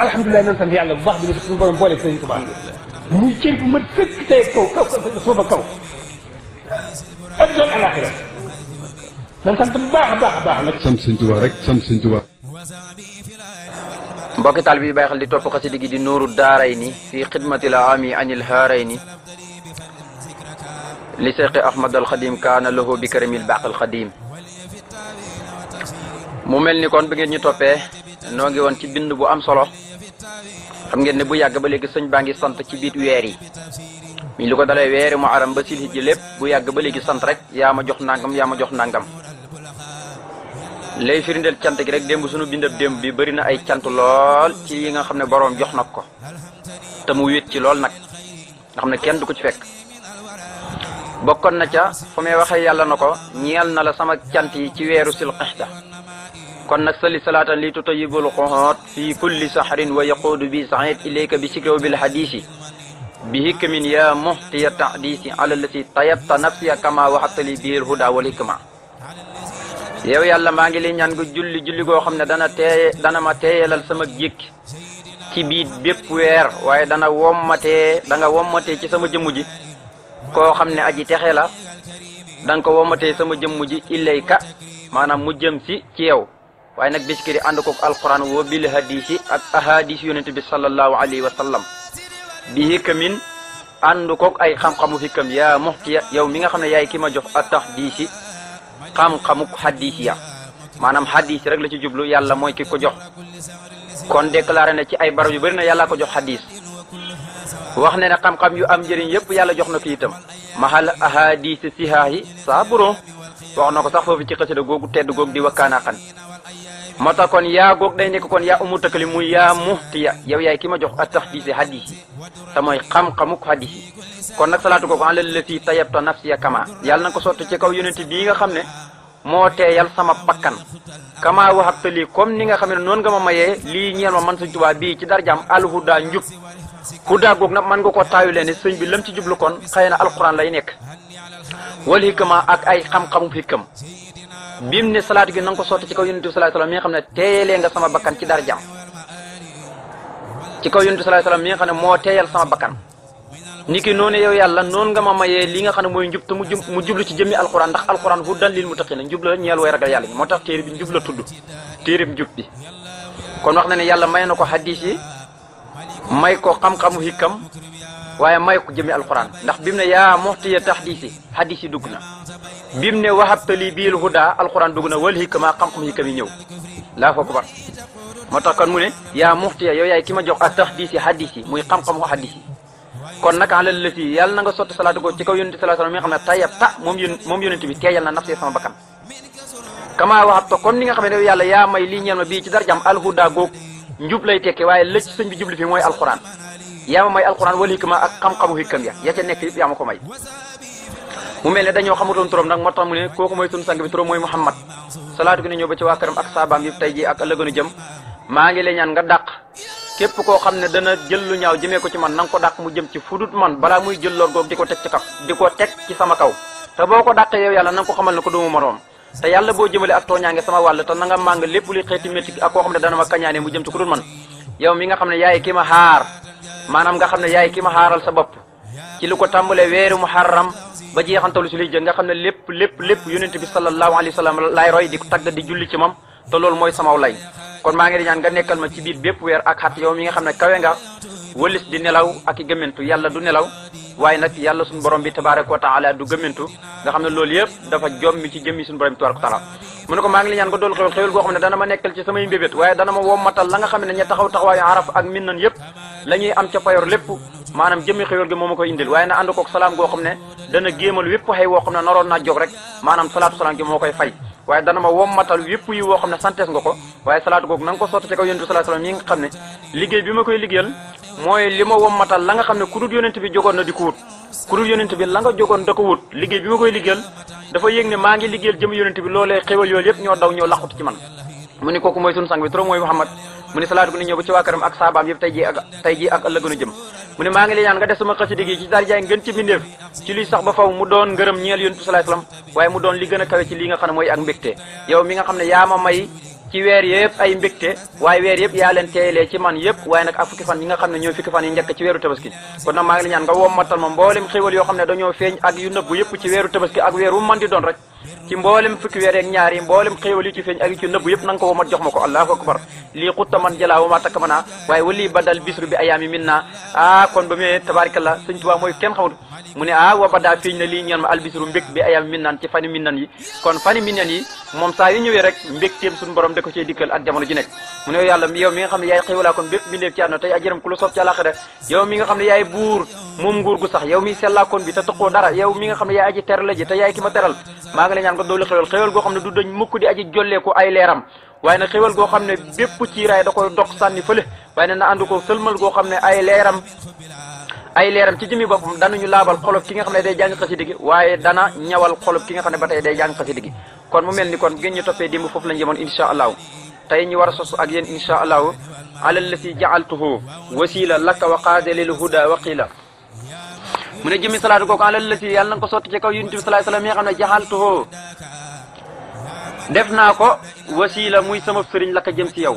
alhamdulilah nan sant yàlla bu baax bi ne suñu borom booleeg sëriñ Tuubaa muy cër bu mat fekk tey kaw kaw suuba kaw ak doon alaxira nan sant bu baax a baax a baax nag sant sëriñ Tuubaa rek sant sëriñ Tuubaa mbokki taal bi bàyyi xel di topp xasida gi di nuuru daaray ni fii xidmatil aami anil haaray ni li seqi ahmad al xadim kaana lahu bi karamil baqal xadim mu mel ni kon bi ngeen ñu toppee noo ngi woon ci bind bu am solo xam ngeen ne bu yàgg ba léegi sëñ baa ngi sant ci biit weer yi mi lu ko dalee weeri mu aram ba silhit ji lépp bu yàgg ba léegi sant rek yaa ma jox nangam yaa ma jox nangam lay firndeel cant gi rek démb suñu bindab démb bi bëri na ay cant lool ci yi nga xam ne boroom jox nag ko te mu wéet ci lool nag nga xam ne kenn du ko ci fekk bokkoon na ca fu may waxee yàlla na ko ñeel na la sama cant yi ci weeru sil kon nag salli salaatan li tutayibul xoxoot fii kulli saxrin wa yaquudu bi saxit ilayka bi sikrew bil hadisi bi hikmin ya muxtiya tahdisi alalasi tayatta nafsiya kama waxatali biir huda wal hikma yow yàlla maa ngi lay ñaan gu julli julli goo xam ne dana teeye dana ma teeyalal sama jékki ci biit bépp weer waaye dana wommatee da nga wommatee ci sama jëmm koo xam ne aji texe la da nga ko wommatee sama jëmm ji ilayka maanaam mu jëm si ci yow waaye nag biskiri ànd kook alquran woo bil hadisi ak ahadis yonent bi sallallahu alayhi wa sallam bi hikkamin ànd kook ay xam-xamu hikkam yaa muxtiya yow mi nga xam ne yaay ki ma jox a tax diisi xam-xamuk hadis ya maanaam hadis rek la ci jublu yàlla mooy ki ko jox kon déclaré na ci ay barab yu bari na yàlla ko jox hadis wax ne ne xam-xam yu am njëriñ yëpp yàlla jox na ko itam mahal ahadis sihaahi saaburo wax na ko sax foofu ci xasida googu tedd googu di wakkaanaa moo tax kon yaa day nekk kon yaa umu takkali muy yaa muxtiya yow yaay ki ma jox a tax diise hadis yi te mooy xam-xamuk hadis yi kon nag salaatu googu alal la fii tayabta nafsiya kama yàlla na ko sotti ci kaw yonent bii nga xam ne moo teeyal sama bakkan kama waxabta lii comme ni nga xam ne noonu nga ma mayee lii ñeel ma man sëñ bii ci darjaam alhuda njub huda goog nag mën nga ko taayu ne sëñ bi ci jublu kon xëy na lay nekk wal hikma ak ay xam-xamu hikam bim ne salaatu gi na nga ko sotti ci kaw yonent bi sallallahu xam ne teeyalee sama bakkan ci darajam ci kaw yonent bi sallallahu alayhi mi nga xam ne moo teeyal sama bakkan ni ki noonu yow yàlla noon nga ma mayee li nga xam ne mooy njub mu jub mu jublu ci jëmmi alquran ndax alquran hudan lil muttaqina njub la ñeel way ragal yàlla moo tax téere bi njub la tudd téere bi njub bi kon wax na ne yàlla may na ko hadis yi may ko xam-xamu hikam waaye may ko jëmi alquran ndax bi mu ne yaa muxtiya taxdiisi xadis yi dugg na bi mu ne waxabtali biil huda alquran dugg na wal hikma xam-xam hikam yi ñëw laa ko bar moo tax kan mu ne yaa muxtiya yow yaay ki ma jox ak taxdiisi xadis yi muy xam-xam ko xadis yi kon nag la lësi yàlla na nga sotti salaatu ko ci kaw yonente salaa salaam mi nga xam ne tayab ta moom yón moom yonente bi teeyal na nafsee sama bakkan kamaa waxabta kon ni nga xam ne yow yàlla yaa may lii ñeel ma bii ci darjam alhuda goog njub lay tekke waaye lëcc sëñ bi jubli fi mooy alquran yaa ma may alquran wal hikma ak xam-xamu hikam ya ya ca nekk yëpp yaa ma ko may mu mel ne dañoo xamutoon turam nag moo tax mu ne kooku mooy sunu sang bi turam mooy Muhammad salaatu gi ne ñëw ba ci waa jëm koo xam ne dana jël lu ñaaw jëmee ko ci man na nga ko dàq mu jëm ci fudut man balaa muy jël lor goog di ko teg ci ko teg ci sama kaw te boo ko dàqee yow yàlla na ko xamal ne ko duma moroom te yàlla boo jëmale ak tooñaange sama wàll te na nga màng lépp luy xeeti métti ak koo xam ne dana ma kañaane mu jëm ci ku dul man yow mi nga xam ne yaay kii ma xaar maanaam nga xam ne yaay ki ma xaaral sa bopp ci lu ko tàmbalee weeru muharram ba jeexantalu si lijja nga xam ne lépp lépp lépp yonent bi sallallahu alayhi wa sallam laay roy di ko tagg di julli ci moom te lool mooy sama lay kon maa ngi di ñaan nga nekkal ma ci biir bépp weer ak xat yow mi nga xam ne kawe nga wëlis di nelaw ak i gëmmentu yàlla du nelaw waaye nag yàlla suñu borom bi tabaraka wa taala du gëmmentu nga xam ne loolu yëpp dafa jom mi ci jëmmi suñu borom bi tabaraka mu ne ko maa ngi la ñaan nga dool xewal goo xam ne dana ma nekkal ci samay mbébét waaye dana ma wommatal la xam ne ña taxaw taxawaayu am ca payor lépp maanaam jëmmi xewal gi moo ma na ànd kook salaam goo xam ne dana géemal wépp xëy woo xam ne naroon naa jóg rek maanaam salaatu salaam gi moo koy fay waaye dana ma wommatal yëpp yi woo xam ne santees nga ko waaye salaatu googu na nga ko sotti ca kaw yonent bi yi nga xam ne liggéey bi ma koy liggéeyal mooy li ma wommatal la nga xam ne ku dul yonent bi jogoon na di ko wut ku dul bi la nga jogoon da ko wut liggéey bi ma koy liggéeyal dafa yëg ne maa ngi liggéeyal jëm yonent bi loolee xéwal yooyu yëpp ñoo daw ñoo laxut ci man mu ni kooku mooy sunu sang bi trop mooy Muhammad mu ni salaatu gu ne ñëw ba ci waa këram ak saabaam yëpp tey jii ak tey jëm mu ne maa ngi lay ñaan nga def sama xasida gi ci darjaay ngeen ci bindeef ci luy sax ba faw mu doon ngërëm ñeel yonent bi salaay salaam waaye mu doon a kawe ci li nga nga xam ne yaa ma may ci weer yëpp ay mbégte waay weer yëpp yaa leen teeyalee ci man yëpp waaye nag a fukki fan yi nga xam ne ñooy fukki fan yi njëkk ci weeru tabaski kon nag maa ngi la ñaan nga wommatal ma mboolem xéwal yoo xam ne dañoo feeñ ak yu nëbbu yëpp ci weeru tabaski ak weer wu man di doon rek ci mboolem fukki weer ak ñaar yi mboolem xéewal yi ci feeñ ak yi ci nëbb yëpp nanga ko womat jox ma ko allahu akbar lii xutta man jalaa wa ma takk ma naa waaye wali badal bisru bi ayaami min naa ah kon ba muy tabaarikalla sëñ Tuubaa mooy kenn xamut mu ne ah wa badaa feeñ na lii ñeen ma albisru mbég bi ayaami min naan ci fani min nan yi kon fani min nan yi moom saa yu ñëwee rek mbégteem suñu borom da ko cee dikkal ak jamono ji mu ne yàlla yaay ngi lay ñaan nga doolu xéwal xéwal goo xam ne du dañ mukk di aji jolleeku ay leeram waaye nag xéwal goo xam ne bépp ciiraay da koy dox sànni fële waaye ne na ànd ko sëlmal goo xam ne ay leeram ay leeram ci jëmi boppam danañu laabal xolob ki nga xam ne day jàng xasida gi waaye dana ñawal xolob ki nga xam ne ba tey day jàng xasida gi kon mu mel ni kon ngeen ñu toppee démb foofu lañ jëmoon incha allahu tey ñu war a sos ak yéen incha allahu alal la si jaaltuhu wasila lakka wa qaadalil huda waqila mu ne jëmi salaatu kooku alal lati yàlla na nga ko sotti ci kaw yonent bi salaay salaam yi nga xam ne jaxaltuhoo def naa ko wasiila muy sama sëriñ lakk ka jëm si yow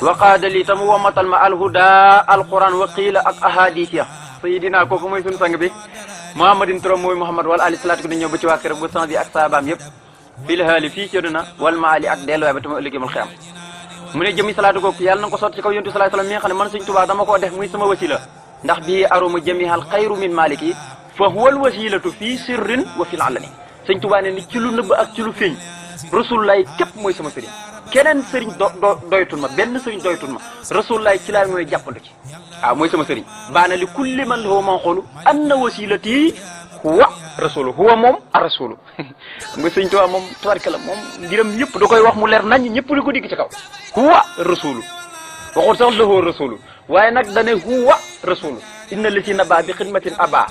waqaadali tamu womatal ma alhuda alquran waqiila ak ahadis ya sayidina kooku mooy sunu sang bi muhammadin turam mooy muhammad wala ali salaatu ko dañ ñëw ba ci waa këram ba sang ak saabaam yëpp fil haali fii ci duna wal maali ak delluwaay ba tama ëllëgee mul mu ne jëmi salaatu kooku ndax bii aroma jamihal xayru min maliki fa huwa alwasilatu fii sirrin wa fil alani sëñ Tuubaa ne ni ci lu nëbb ak ci lu feeñ rasulullaay képp mooy sama sëriñ keneen sëriñ do doytul ma benn sëriñ doytul ma rasulullaay ci laa mooy jàppandu ci waaw ah, mooy sama sëriñ baana li kulli man lahu man xoolu anna wasilati huwa rasulu huwa moom a rasulu moom nga sëñ Tuubaa moom tabarkala moom mbiram ñëpp da koy wax mu leer nañ ñëpp di ko digg ci kaw huwa rasulu waxul sax lahu rasulu waaye nag dane huwa rasulu na la si naba bi xidmatin aba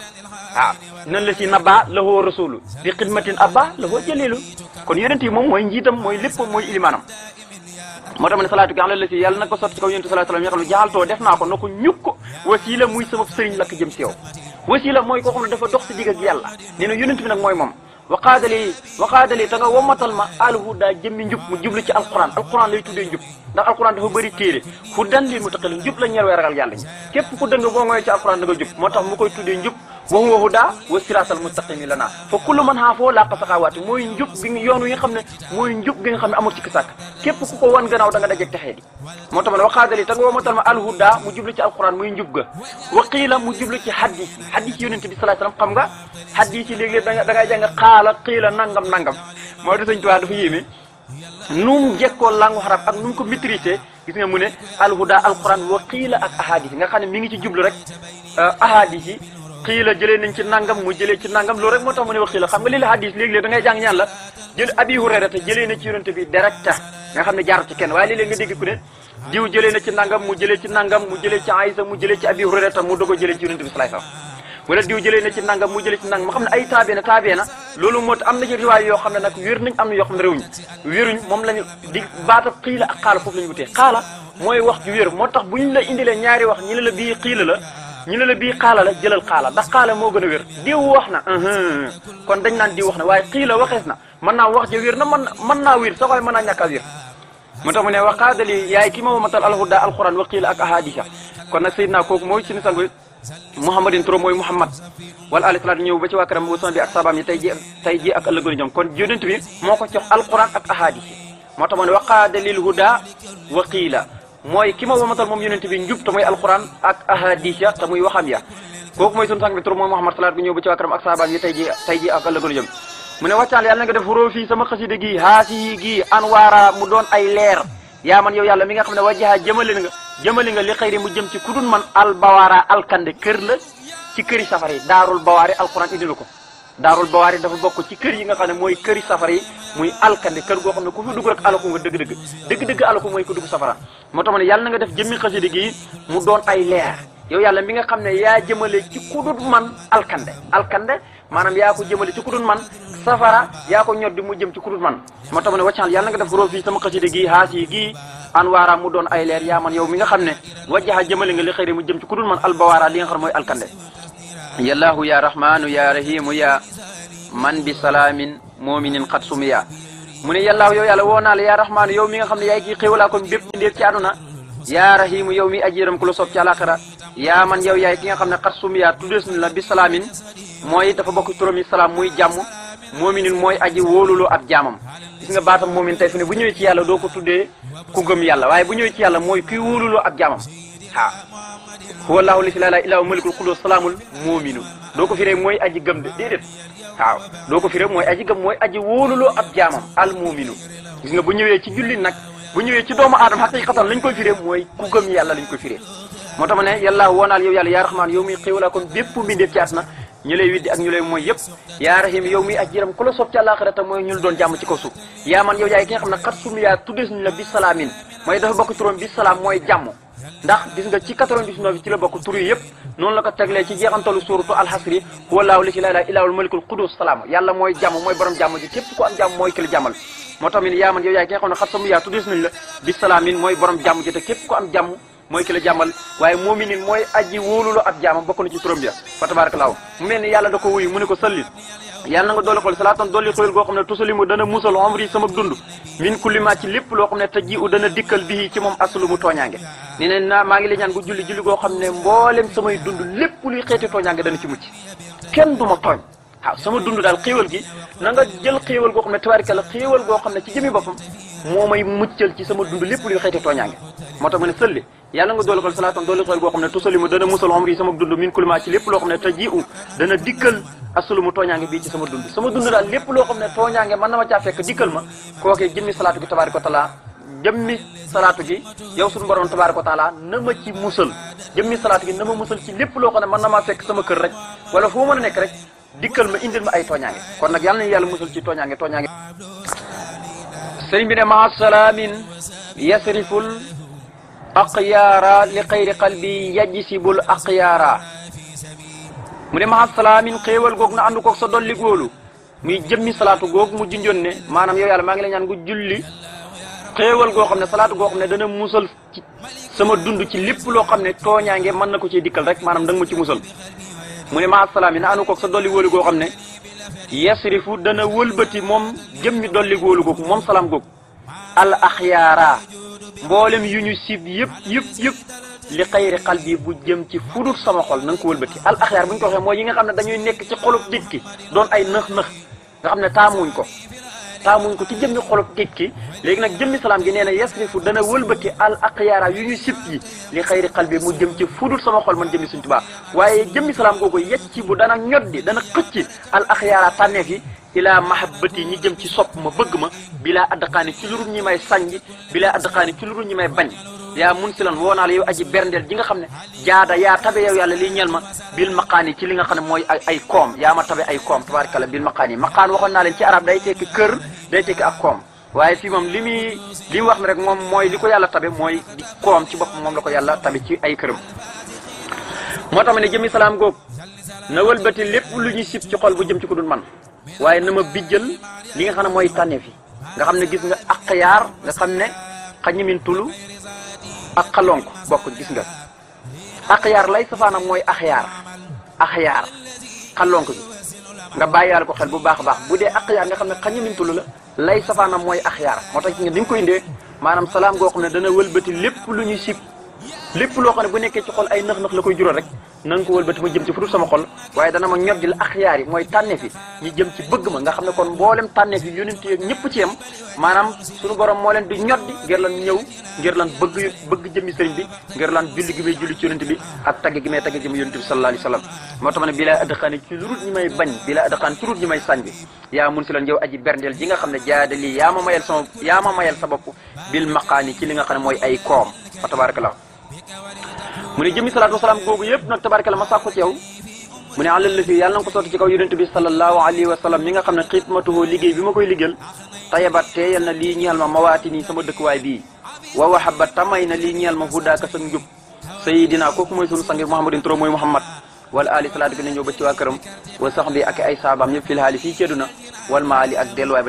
waaw na la si naba la hoo rasulu bi xidmatin aba la hoo jalilu kon yonent yi moom mooy njiitam mooy léppam mooy ilimaanam moo tax ma ne salaatu gi ala la si yàlla na ko sotti kaw yonent salaatu salaam yoo xam ne jaaltoo def naa ko na ko ko wasiila muy sabab sëriñ lakk jëm si yow wasiila mooy koo xam ne dafa dox si digg ak yàlla nee na yonent bi mooy moom waqaada li waqaada li ta nga wammatal ma alhuda jëmmi njub mu jublu ci alquran alquran lay tuddee njub ndax alquran dafa bëri téere fu dan li mu taqal njub la ñeer way ragal yàlla ñi képp ku dëng boo ngoy ci alquran da nga jub moo tax mu koy tuddee njub wa huwa huda wa siraatal mustaqimi lana fa kullu man xaafoo laaqa saxaawaati mooy njub gi nga yoon wi nga xam ne mooy njub gi nga xam ne amul ci kisàkk képp ku ko wan gannaaw da nga dajeg texee di moo tax ma ne waxaadali te nga woo ma tal ma alhuda mu jublu ci alquran muy njub ga wa qiila mu jublu ci hadis yi hadis yi yonente bi sallallahu alayhi xam nga hadis yi léegi da nga da ngay jàng xaala qiila nangam nangam moo tax sëñ Tuubaa dafa yéeme nu mu jekkoo langu xarab ak nu mu ko maîtriser gis nga mu ne alhuda alquran wa qiila ak ahadis yi nga xam mi ngi ci jublu rek euh, ahadis yi xiila jëlee nañ ci nangam mu jëlee ci nangam loolu rek moo tax mu ne wa xiila xam nga lii la hadis léegi-léeg da ngay jàng ñaan la jël abi hurayra te jëlee na ci kenn waaye léeg-léeg nga na nangam mu jëlee ci nangam mu jëlee ci Aïsa mu jëlee ci abi hurayra te mu dogo jëlee ci yonente bi salaay wala diw jëlee na ci nangam mu jëlee ci nangam ma xam ne ay taabee na loolu moo am na ci yoo xam ne nag wér nañ am na ne réwuñ moom lañu di baata xiila ak la mooy wax ju wér tax bu ñu la indilee ñaari wax la ñu ne la bii xaala la jëlal kaala da xaala moo gën a wér diw wax na uh-huh. kon dañ naan diw wax na waaye xiila waxees na mën naa wax ja wér na mën mën naa wér sax waaye mën naa ñàkk a wér moo tax mu ne waxaadali yaay ki ma womatal alhuda alquran wa xiila ak ahadisa kon nag sayidna kooku mooy suñu sang bi muhammadin turam mooy muhammad wala ali salaatu ñëw ba ci waa karam bu son bi ak sabaam yi tey ji tey ji ak ëllëgoon ñoom kon moo ko jox alquran ak ahadisa moo tax mu ne waxaadalil huda wa xiila mooy ki ma wamatal moom yonent bi njub te muy alquran ak ahadis ya te muy waxam ya kooku mooy sunu sang bi tur mooy Muhammad salaat bi ñëw ba ci waa këram ak saabaam yi tey ji tey ji ak ëllëgalu jëm mu ne wàccaan yàlla na nga def róo fii sama xasida gii haasiyi gii anwaara mu doon ay leer yaa man yow yàlla mi nga xam ne wajaha jëmale nga jëmale nga li xëyri mu jëm ci ku dun man albawaara alkande kër la ci këri safari daarul bawaari alquran indil ko daarul bawaari dafa bokk ci kër yi nga xam ne mooy këri safara yi muy alkande kër goo xam ne ku fi dugg rek alaku nga dëgg-dëgg mooy ko dugg safara moo tax ma ne def jëmmi xasida gi doon ay leer yow yàlla mi nga xam ne yaa jëmale ci kudut man alkande alkande maanaam yaa ko jëmale ci kudut man safara yaa ko ñoddi mu jëm ci kudut man moo tax ma ne waccaxal na nga def roo fii sama xasida gi haas yi gii mu doon ay leer yaa man yow mi nga xam ne wajjaxa jëmale nga li xëy mu jëm ci kudut man albawaara li nga xam mooy alkande yallahu ya rahmanu ya rahimu ya man bi salaamin muminin xat sumiya mu ne yàllaahu yow yàlla woo naa la ya rahmaanu yow mi nga xam ne yaay kii xéwalaa kon bépp ndéef ci àdduna yaa rahimu yow mi ajiram ku la soob ci àlaxira yaa man yow yaay ki nga xam ne xat sumiya tuddees na la bi salaamin mooy dafa bokk turam yi muy jàmm moominin mooy aji loo ab jaamam gis nga baatam moomin tey fu ne bu ñëwee ci yàlla doo ko tuddee ku gëm yàlla waaye bu ñëwee ci yàlla mooy kuy wóoluloo ab jaamam waaw huwa allahu lasi laa ilaaha malikul xuloo salaamul muuminu doo ko firee mooy aji gëm de déedéet waaw doo ko firee mooy aji gëm mooy aji wóoluloo ab jaamam al muuminu gis nga bu ñëwee ci julli nag bu ñëwee ci doomu aadama xaqiqatan lañ koy firee mooy ku gëm yàlla lañ koy firee moo tax ma ne yàlla woonaal yow yàlla yaa raxmaan yow muy xéewalaa kon bépp mbindeef ci àdduna ñu lay widdi ak ñu mooy yëpp yaa rahim yow miy ak jëram ku la soob ci àllaaxira mooy ñu la doon jàmm ci kaw suuf yaa man yow yaay ki nga xam mooy dafa bokk turam bi salaam mooy jàmm ndax gis nga ci 99 ci la bokk tur yi yëpp noonu la ko teglee ci jeexantalu suuratu alxasri wallaahu li si laa ilaaha illal malikul qudus salaam yàlla mooy jàmm mooy borom jàmm ji képp ku am jàmm mooy këli jàmmal moo tax la mooy borom jàmm ji jàmm mooy ci turam ya fa mu mel ni yàlla da ko wuyu mu ne ko sallit yàlla na nga doole xool salaatan dolli xëyul goo xam ne tusali dana musal omri sama dund min kulima ci lépp loo xam ne te ji u dana dikkal bii ci moom aslu mu tooñaange nee ne maa ngi lay ñaan julli julli goo xam ne mboolem samay dund lépp luy xeeti tooñaange dana ci mucc kenn du ma tooñ waaw sama dund daal xéewal gi na nga jël xéewal goo xam ne tabarika la xéewal goo xam ne ci jëmi boppam moo may muccal ci sama dund lépp luy xeeti tooñaange moo tax ma sëlli yàlla nga doole xol salaatan doole xol boo ne tusali mu dana musal omri sama dund min kulma ci lépp loo xam ne te ji u dana dikkal asulu mu tooñaange bii ci sama dund loo xam ne tooñaange mën na ma caa fekk dikkal ma kookee jëmmi salaatu gi tabaaraka wa taala jëmmi salaatu gi yow suñu ci musal jëmmi salaatu gi na ma musal ci lépp loo xam ne mën na maa fekk sama kër rek wala foo mën a nekk rek dikkal ma indil ma ay tooñaange kon nag yàlla na yàlla musal ci tooñaange tooñaange sëriñ bi ne maa salaamin yasriful aqyaara li xayri qalbi yajsibul aqyaara mu ne maa salaamin xéewal goog na ànd koog sa dolli góolu muy jëmmi salaatu goog mu junjoon ne maanaam yow yàlla maa ngi la ñaan ngu julli xéewal goo xam ne salaatu goo xam ne dana musal ci sama dund ci lépp loo xam ne tooñaange mën na ko ciy dikkal rek maanaam da nga ma ci musal mu ne maa salaamin na ànd koog sa dolli góolu goo xam ne yasrifu dana wëlbati moom jëm jëmmi dolli góolu googu moom salaam googu al axyaara mboolem yu ñu sib yëpp yëpp yëpp li xayri xalbi bu jëm ci fudut sama xol na ko wëlbati al axyaar bu ñu ko waxee mooy yi nga xam ne dañuy nekk ci xolub nit ki doon ay nëx nëx nga xam ne taamuñ ko taamuñ ko ci jëmmi xolub géej ki léegi nag jëmmi salaam gi nee na yasrifu dana wëlbati al aqyaara yu ñuy sib yi li xal bi mu jëm ci fudul sama xol man jëmmi suñ tubaa waaye jëmmi salaam googu yecc ci bu dana ñoddi dana xëcc al aqyaara tànneef yi ilaa mahabbati ñi jëm ci sopp ma bëgg ma bilaa addaqaani ci lurul ñi may sànj bilaa addaqaani ci lurul ñi may bañ yaa mun si lan woo naa la yow aji berndeel ji nga xam ne jaada yaa tabe yow yàlla liy ñeel ma bil maqaan yi ci li nga xam ne mooy ay koom yaa ma tabe ay koom tabaarkalla bil maqaan yi maqaan waxoon naa leen ci arab day kër day tekki ak koom waaye fii moom li muy li wax ne rek moom mooy li ko yàlla tabe mooy koom ci boppam moom la ko yàlla tabe ci ay këram. moo tax ma ne jëmi salaam googu na wëlbati lépp lu ñuy sib ci xol bu jëm ci ko dul man waaye na ma bijjal li nga xam ne mooy tànneef yi nga xam ne gis nga ak yaar nga xam ne xañimin tulu ak xalonk bokk gis nga. ak yaar lay safaanam mooy ak yaar ak yaar xalonk bi nga bàyyiwaale ko xel bu baax baax bu dee axyaar nga xam ne xañu min tullu la lay safaanam mooy axyaar moo tax nga ni nga ko indee maanaam salaam goo xam ne dana wëlbati lépp lu ñuy sib lépp loo xam ne bu nekkee ci xol ay nax-nax la koy jural rek na ko wëlbati ma jëm ci fudu sama xol waaye dana ma ñor la axyaar mooy tànneef yi ñi jëm ci bëgg ma nga xam ne kon mboolem tànneef yi yonent yi ñëpp ci yem maanaam borom moo leen di ñor di ngir lan ñëw ngir lan bëgg bëgg jëmi sëriñ bi ngir lan julli gi ci yonent bi ak tagg gi may tagg jëm yonent bi sallallahu alayhi wa sallam moo tax ma ne may bañ bi laa adxaan ci lurut si lan yow aji berndeel ji nga xam ne jaadali yaa ma mayel sama yaa ma mayel sa bopp bil maqaani ci li nga xam ne mooy ay koom fa tabarakallah mu ne jëmmi salaatu wasalaam googu yëpp nag tabaarkalla ma sàkku ci yow mu ne àllal la fi yàlla ko sotti ci kaw yonent bi sallallahu alayhi wa sallam mi nga xam ne xidmatuhu liggéey bi ma koy liggéeyal tayabat teeyal na lii ñeel ma mawaati nii sama dëkkuwaay bii wa wahaba tamay na lii ñeel ma hudaaka sa njub sayidina kooku mooy sunu sangi muhammadin turo mooy muhammad wala ali salaatu bi na ñëw ba ci waa këram wa sax bi ak ay saabaam ñëpp fil haali fii ceeduna wal maali ak delluwaay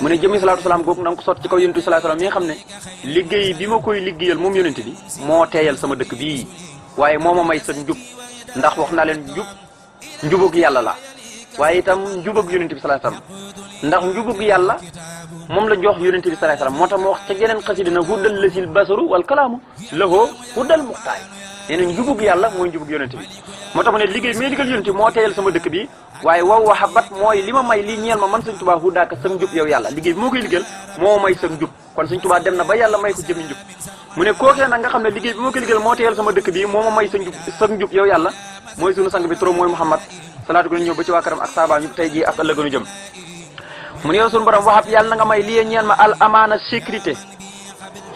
mu ne jëmmi salaatu salaam googu na nga ko sotti ci kaw yonent bi salaatu salaam mi nga xam ne liggéey bi ma koy liggéeyal moom yonent bi moo teeyal sama dëkk bii waaye moo ma may sa njub ndax wax naa leen njub njubug yàlla la waaye itam njubug yonent bi salaatu salaam ndax njubug yàlla moom la jox yonent bi salaatu salaam moo tax ma wax ca geneen xasida na huddal lasil basaru wal kalaamu lahoo huddal muxtaay nee na njubug yàlla mooy njubug yonent bi moo tax mu ne liggéey bi may liggéeyal yonent moo teeyal sama dëkk bi waaye wow wax a bat mooy li ma may lii ñeel ma man sëñ tubaa hudaaka sam njub yow yàlla liggéey bi moo koy liggéeyal moo may sam njub kon sëñ tubaa dem na ba yàlla may ko jëmi njub mu ne kookee nag nga xam ne liggéey bi moo koy liggéeyal moo teyal sama dëkk bii moo ma may sa njub sam njub yow yàlla mooy sunu sang bi trop mooy muhammad salaatu gën ñëw ba ci waa karam ak saabaam ñu tey jii ak ëllëgënu jëm mu ne yow sunu borom waxab yàlla na nga may lii ñeel ma al amaana sécurité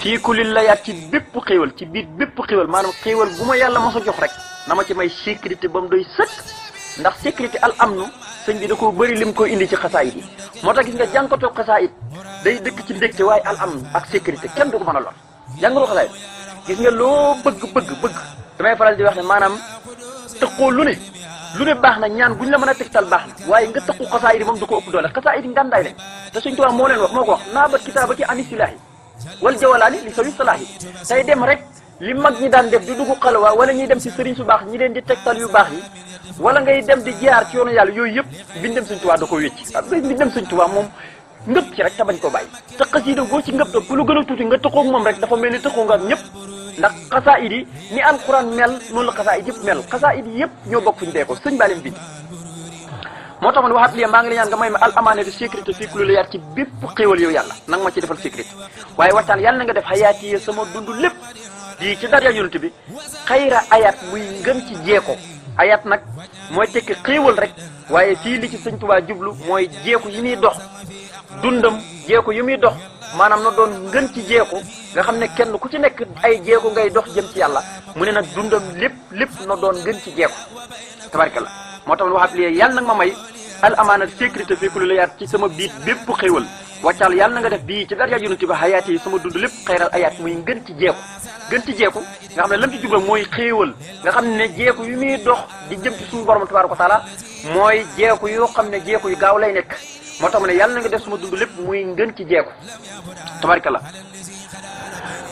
fii kulli layaat ci bépp xéewal ci biir bépp xéewal maanaam xéewal bu ma yàlla mos a jox rek na ci may sécurité ba mu doy sëkk ndax sécurité al amnu sëñ bi da koo bëri lim ko indi ci xasaayit yi moo tax gis nga jànkatu xasaayit day dëkk ci mbégte waaye al amnu ak sécurité kenn du ko mën a lor jàngatu xasaayit gis nga loo bëgg bëgg bëgg damay faral di wax ne maanaam tëqoo lu ne lu ne baax na ñaan bu ñu la mën a tal baax na waaye nga tëqu xasaayit yi moom du ko ëpp doole xasaayit yi ngàndaay lañ te suñ tubaab moo leen wax moo ko wax naa ba kitaaba ki anisilaahi wal jawalaani li sawi salaahi tay rek li mag ñi daan def di dugg xalwa wala ñuy dem si sëriñ su baax ñi leen di tegtal yu baax yi wala ngay dem di jaar ci yoonu yàlla yooyu yëpp bindem Sëriñ Tuubaa da ko wécc ak bindem Sëriñ Tuubaa moom ngëpp ci rek te bañ ko bàyyi te xasida goo ci ngëpp ku lu gën a tuuti nga tëxoog moom rek dafa mel ni tëxoo nga ak ñëpp ndax xasaayid yi ni alquran mel noonu la xasaayid yëpp mel xasaayid yëpp ñoo bokk fu ñu dee ko sëñ baa leen bind moo tax man waxaat lii maa ma al amaane du sécurité defal sécurité waaye waxtaan yàlla na nga def xayaati sama lépp yii ci dara yonent bi xayra ayat muy ngën ci jeeko ayat nag mooy tekki xéewal rek waaye fii li ci sëñ Tuubaa jublu mooy jeeku yi muy dox dundam jeeku yi muy dox maanaam na doon ngën ci jeeko nga xam ne kenn ku ci nekk ay jeeku ngay dox jëm ci yàlla mu ne nag dundam lépp lépp na doon ngën ci jeeku tabarkalla moo tax lu waxaat lii yàlla nag ma may al amaana sécurité fii ku la yaat ci sama biit bépp xéewal wàccaal yàlla na nga def bii ci dara yonent ba xayaat yi sama dund lépp xayral ayaat muy ngën ci jeeku gën ci jeeku nga xam ne lam ci jublu mooy xéewal nga xam ne jeeku yu muy dox di jëm ci suñu borom tabaaraka wa taala mooy jeeku yoo xam ne jeeku yu gaaw lay nekk moo tax mu yàlla na nga def sama dund lépp muy ngën ci jeeku tabaarkalla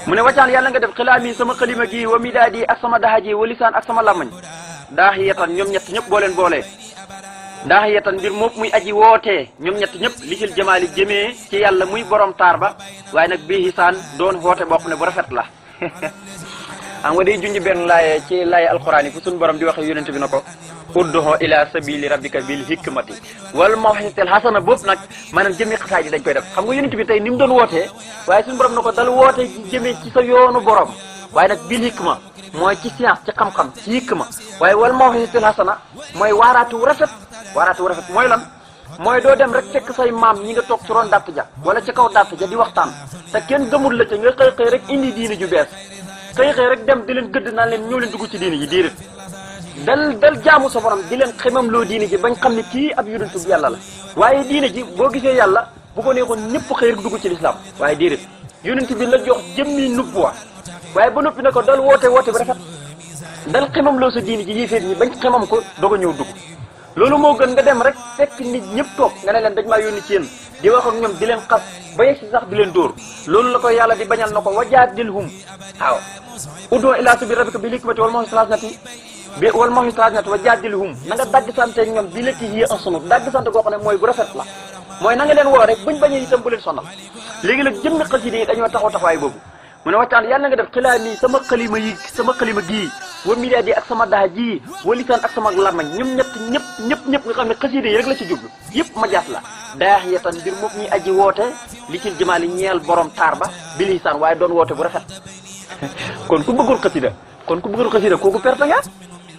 mu ne wàccaal yàlla nga def xilaami sama xalima gi wa midaadi ak sama daxa ji wa lisaan ak sama làmmañ daax yetan ñoom ñett ñëpp boo leen boolee ndax yetan mbir moom muy aji wootee ñoom ñett ñëpp li sil jamaali jëmee ci yàlla muy borom taar ba waaye nag bii hisaan doon woote bopp ne bu rafet la xam nga day junj benn laaye ci laaye alquran yi fu suñu borom di waxe yonent bi na ko udduhu ila sabili rabbika bil hikmati wal mawxisatil xasana boobu nag maanaam jëmee xasaay yi dañ koy def xam nga yonent bi tey ni mu doon wootee waaye suñu borom na ko dal woote jëmee ci sa yoonu borom waaye nag bil hikma mooy ci science ci xam-xam ci hikma waaye wal mawhisatil hasana mooy waaraatu wu rafet waaraatu wu rafet mooy lan mooy doo dem rek fekk say maam ñi nga toog ci roon dàtt ja wala ci kaw dàtt ja di waxtaan te kenn gëmul la ca nga xëy xëy rek indi diini ju bees xëy xëy rek dem di leen gëdd naan leen ñëw leen dugg ci diini ji déedéet dal dal jaamu sa borom di leen ximam loo diini ji bañ xam ne kii ab yonent bu yàlla la ji boo gisee yàlla bu ko neexoon ñëpp xëy rek dugg ci lislaam waaye déedéet yonent bi la jox jëmmi nubbuwa waaye ba noppi ne ko dal woote woote bu rafet dal xemam loo sa diini ji yéeféer ñi bañ xemam ko doog a ñëw dugg loolu moo gën nga dem rek fekk nit ñëpp toog nga ne leen dañ maa yónni ci yéen di wax ak ñoom di leen xas ba yegg si sax di leen dóor loolu la ko yàlla di bañal na ko wajaadilhum waaw udoo ilaa sabiili rabbika bil hikmati wal maw'izatil bi wal maw'izatil hasanati wajaadilhum na nga dagg sante ak ñoom bi lati hiya ahsan dagg sante goo xam ne mooy bu rafet la mooy na nga leen woo rek buñ bañee itam bu leen sonal léegi nag jëmmi xasida yi dañoo taxaw taxawaay boobu mu ne waxtaan yàlla nga def xilaa nii sama xalima yi sama kalima gii wa midaad yi ak sama daa jii wa lisaan ak sama lamañ ñoom ñett ñëpp ñëpp ñëpp nga xam ne xasiida yi rek la ci jublu yëpp ma jaat la daax yatan mbir moom ñuy aji woote li ci jamaali ñeel borom taar ba bi lisaan waaye doon woote bu rafet kon ku bëggul xasida kon ku bëggul xasida kooku perte nga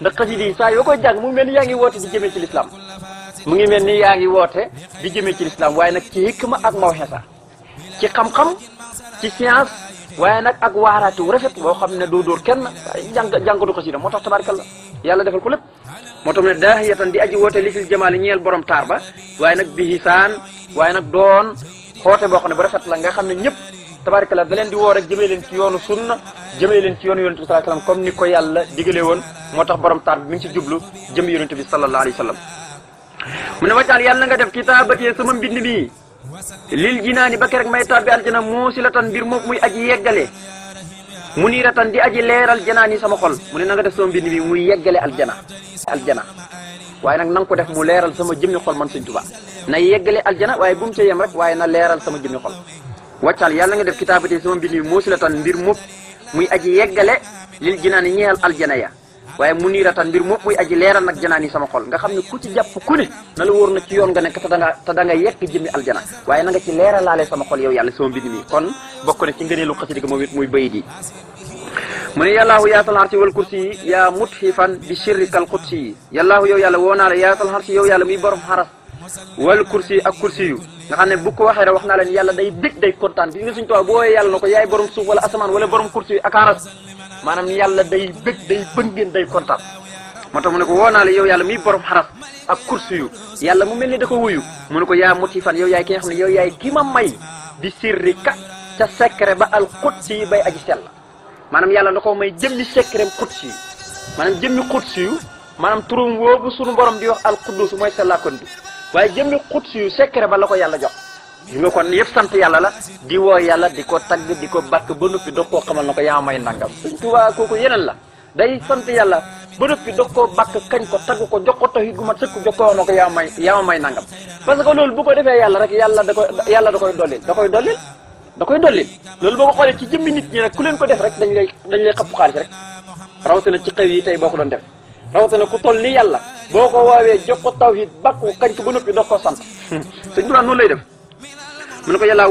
ndax xasida yi saa yoo koy jàng mu mel ni yaa ngi woote di jëmee ci lislaam mu ngi mel ni yaa ngi woote di jëmee ci lislaam waaye nag ci ma ak mawxesa ci xam-xam ci science waaye nag ak waaraati wu rafet boo xam ne doo dóor kenn jàng jàngatu ko si moo tax tabaarkalla yàlla defal ko lépp moo tax mu ne daahiyatan di aji woote li fil jamaali ñeel borom taar ba waaye nag bi hisaan waaye nag doon xoote boo xam ne bu rafet la nga xam ne ñëpp tabaarkalla da leen di woo rek jëmee leen ci yoonu sunna jëmee leen ci yoonu yonent bi sallallahu alayhi wasallam comme ni ko yàlla digalee woon moo tax borom taar bi mi ngi ci jublu jëm yonent bi sallallahu alayhi wasallam mu ne waccaal yàlla nga def kitaabati sama mbind mi lil jinaani ba kerek may tàbbi aljana moo si la tan mbir moom muy aji yeggale mu nii la tan di aji leeral janaani sama xol mu ne na nga def sama mbind bi muy yeggale aljana aljana waaye nag na nga ko def mu leeral sama jëmmi xol man Sëñ Tuubaa na yeggale aljana waaye bu mu ca yem rek waaye na leeral sama jëmmi xol wàccal yàlla nga def kitaabati sama mbind bi moo si la tan mbir moom muy aji yeggale lil jinaani ñeel aljana ya waaye mu niiratan mbir moom muy aji leeral nag janaan sama xol nga xam ne ku ci jàpp ku ne na la wóor na ci yoon nga nekk te da nga te da nga yekk jëmmi aljana waaye na nga ci leeralaale sama xol yow yàlla sama mbind mi kon bokk na ci ngëneelu xasida ga moom it muy bayit yi mu yaatal xarsi wal kursi yi yaa mut xifan bi shirrikal xutsi yi yàllaahu yow yàlla woo la yaatal xarsi yow yàlla muy borom xaras wal kursi ak kursi yu nga xam ne bu ko waxee wax naa leen yàlla day bég day kontaan bi nga suñ tuwaa boo maanaam yàlla day bëgg day bëngeen day kontaan moo tax mu ne ko woo naa yow yàlla muy borom xaraf ak kursi yu yàlla mu mel ne da ko wuyu mu ne ko yaa motifan yow yaay ki nga xam ne yow yaay ki ma may bi sirri ka ca secret ba al xutsi yi bay aji sell maanaam yàlla da ko may jëmmi secret xutsi yu maanaam jëmmi xutsi yu maanaam turum woobu suñu borom di wax al quddus mooy sellaakon bi waaye jëmmi xutsi yu secret ba la ko yàlla jox li nga kon yëpp sant yàlla la di woo yàlla di ko tagg di ko bàkk ba noppi doog koo xamal na ko yaa may nangam ko ko kooku yeneen la day sant yàlla ba noppi doog koo bàkk kañ ko tagg ko jox ko toxi gu mat sëkk jox ko wax na ko yaa may yaa may nangam parce que ko defee yàlla rek yàlla da koy yàlla da koy dollil da koy dollil da koy dollil boo ko xoolee ci jëmmi nit ñi ku leen ko def rek dañ dañ lay xapp xaalis rek rawatina ci xew tey boo ko doon def rawatina ku toll ni yàlla boo ko woowee jox ko tawhid bàkk ko kañ ko ba noppi doog koo sant Sëñ Tuubaa noonu lay def mu ne ko yàlla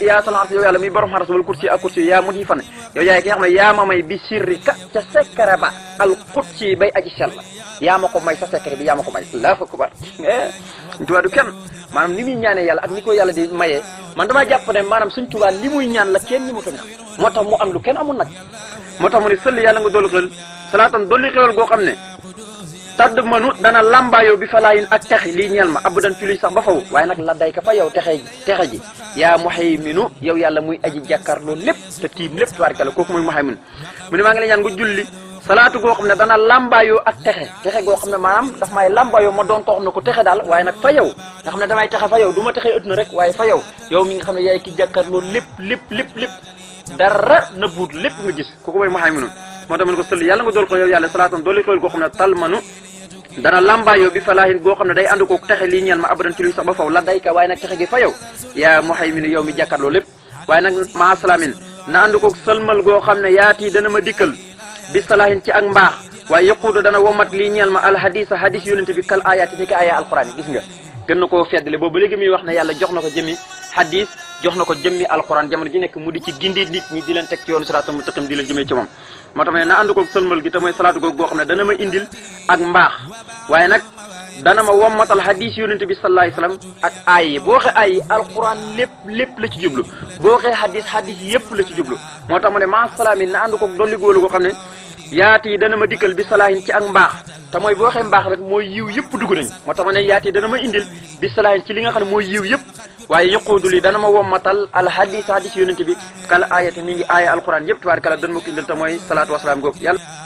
yaa solxarsi yow yàlla muy borom xaras wal kursi ak yaa mut yi fane yow yaay ki nga xam ne may bi sirrika ca sekkare ba al bay aji sell yaa ko may sa sekkare bi yaa ko may laa fa kubar tubaa eh, du kenn maanaam ni muy ñaanee yàlla ni ko yàlla di mayee man damaa jàpp ne maanaam suñ tubaa ñaan la kenn ni mu tuña moo tax mu am lu kenn amul nag moo tax mu ne sëll nga dolli salaatan dolli tadd manu dana làmbaayoo bi falaayin ak texe lii ñeel ma abadan ci luy sax ba faw waaye nag la dayka fa yow texe texe ji yaa muhayminu yow yàlla muy aji jàkkaarloo lépp te tiim lépp tubaarkàlla kooku mooy muhayminu mu ne maa ngi lay xam ne dana làmbaayoo ak texe texe goo xam maanaam daf may làmbaayoo ma doon koo xam ko texe daal waaye nag fa yow nga xam ne damay texe fa yow du ma texe yow yow mi nga xam ne yaay ki jàkkaarloo lépp lépp lépp lépp dara na buut lépp nga gis kooku mooy muhayminu moo tax ma ko sëlli yàlla nga dool ko yow yàlla salaatam dooli xéwal goo xam ne talmanu dana lambaayoo bi falaahin goo xam ne day ànd kook texe lii ñeel ma abadan ci luy sax ba faw la dayka waaye nag texe gi fa yow yaa muhayminu yow mi jàkkaarloo lépp waaye nag maa salaamin na ànd kook sëlmal goo xam ne yaati dana ma dikkal bi salaahin ci ak mbaax waaye yëquudu dana womat lii ñeel ma alhadisa hadis yonente bi kal ayaati ni ko aya alquran yi gis nga gën na koo feddale boobu léegi muy wax ne yàlla jox na ko jëmi hadis jox na ko jëmmi alxuraan jamono ji nekk mu di ci gindi nit ñi di leen teg ci yoonu siraatal mustaqim di leen ci moom moo tax ma ne na ànd koog sëlmal te mooy salaatu googu boo xam ne nag dana ma wommatal hadis yonent bi sallallahu alayhi wasallam ak aay yi boo waxee aay yi alxuraan lépp la ci jublu boo waxee hadis hadis yépp la ci jublu moo tax mu ne maa salaam yi na ànd xam ne yaati yi dana ma dikkal bi salaahin ci ak mbaax te mooy boo waxee mbaax rek mooy yiw yëpp dugg nañ moo tax ma ne yaati dana ma indil bi salaahin ci li nga xam ne mooy yiw yëpp waaye yëquudu li dana ma wommatal alhadis hadis yonente bi kala aayata mi ngi aaya alquran yëpp tubaar kala dan ma ko indil salaatu wasalaam googu yàlla